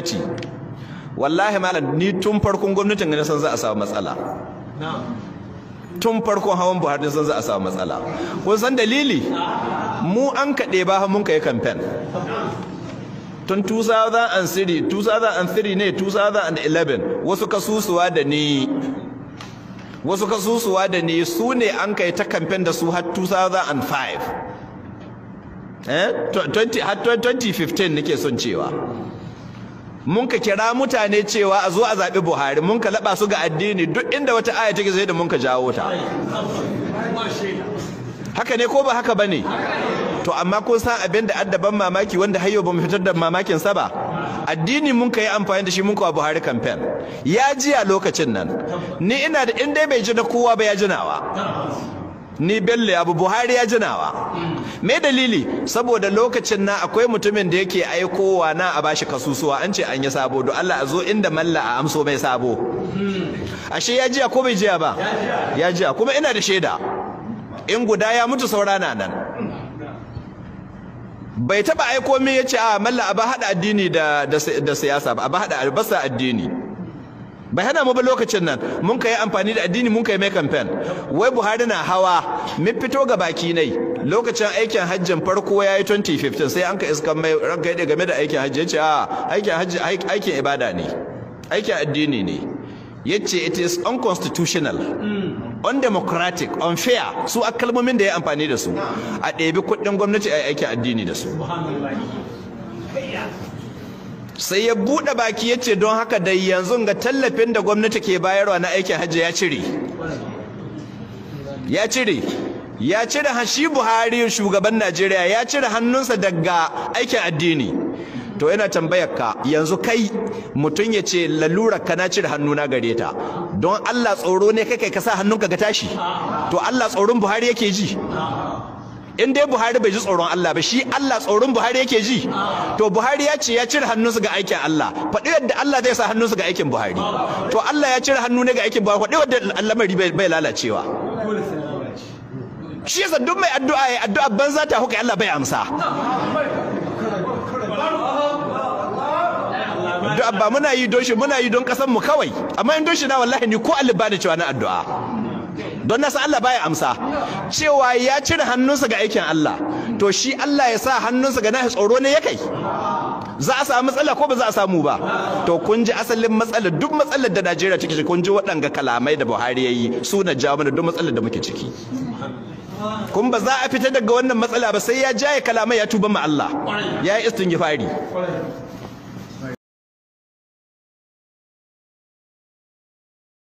gwamnati wallahi malam ni tun farkon gwamnatin ne san za a samu matsala tun farkon hawan buhari san za a samu matsala kun san dalili mu an kaɗe ba mun kai kamfen tun 2003 2003 ne 2011 wasu kasusuwa da ni wasu kasusuwa da ni su ne an kai ta kamfen da su har 2005 eh 2015 nake son cewa mun ka kira mutane cewa a zo a zaɓi buhari mun ka laɓa su ga addini duk inda wata aya take zai da mun ka jawo ta haka ne ko ba haka ba ne to amma kun san abin da addaban mamaki wanda hayo ba mu fitar da mamakin sa ba addini mun yi amfani da shi mun kawo Buhari campaign ya ji a lokacin nan ni ina da in dai bai ji na kowa ba ya jinawa ni bello abu buhari ya jinawa me dalili saboda lokacin na akwai mutumin da yake aikowa na a bashi kasusuwa an ce an yi sabo don Allah a zo inda malla a amso mai sabo ashe ya jiya ko bai jiya ba ya jiya kuma ina da shaida in guda ya mutu saurana nan bai taba aiko min yace a ah, malla a ba hada addini da da siyasa ba a ba hada albasa addini bai hana mu ba lokacin nan mun kai amfani da addini mun kai mai kamfen. wai Buhari na hawa mun fito ga baki nai lokacin aikin hajjin farko ya yi 2015 sai an ka iskan mai ranka da game da aikin hajji ce a ah, aikin hajji aikin ibada ne aikin addini ne Ya ce it is unconstitutional hmm. undemocratic unfair su a kalmomin da ya amfani da su a ɗebi kuɗin gwamnati a aikin addini da su sai ya buɗe baki ya ce don haka dai yanzu ga tallafin da gwamnati ke bayarwa na aikin hajji ya cire ya cire ya cire hashi buhari shugaban najeriya ya cire hannunsa daga aikin addini to yana tambayar ka yanzu kai mutum ya ce Lalura ka na cire hannuna gare ta don allah tsoro ne kai ka sa hannunka ga tashi to allah tsoron buhari yake ji in dai Buhari bai ji tsoron Allah ba shi Allah tsoron Buhari yake ji to Buhari ya ce ya cire hannunsa ga aikin Allah faɗi yadda Allah zai sa hannunsa ga aikin Buhari to Allah ya cire hannu ne ga aikin Buhari faɗi yadda al'amari bai lalacewa shi yasa duk mai addu'a ya addu'a banza ta hukai Allah bai amsa addu'a ba muna yi don shi muna yi don kasan mu kawai amma in don shi na wallahi ni ko alibani cewa na addu'a don nasa Allah baya amsa cewa ya cire hannunsa ga aikin Allah to shi Allah ya sa hannunsa ga nahi tsoro ne ya kai za a samu matsala ko ba za a samu ba to kun ji asalin matsala duk matsalar da Najeriya take ciki kun ji waɗanga kalamai da Buhari yayi su na jawo mana duk matsalar da muke ciki kun ba za a fita daga wannan matsala ba sai ya jaye kalamai ya tuba ma Allah ya yi istingifari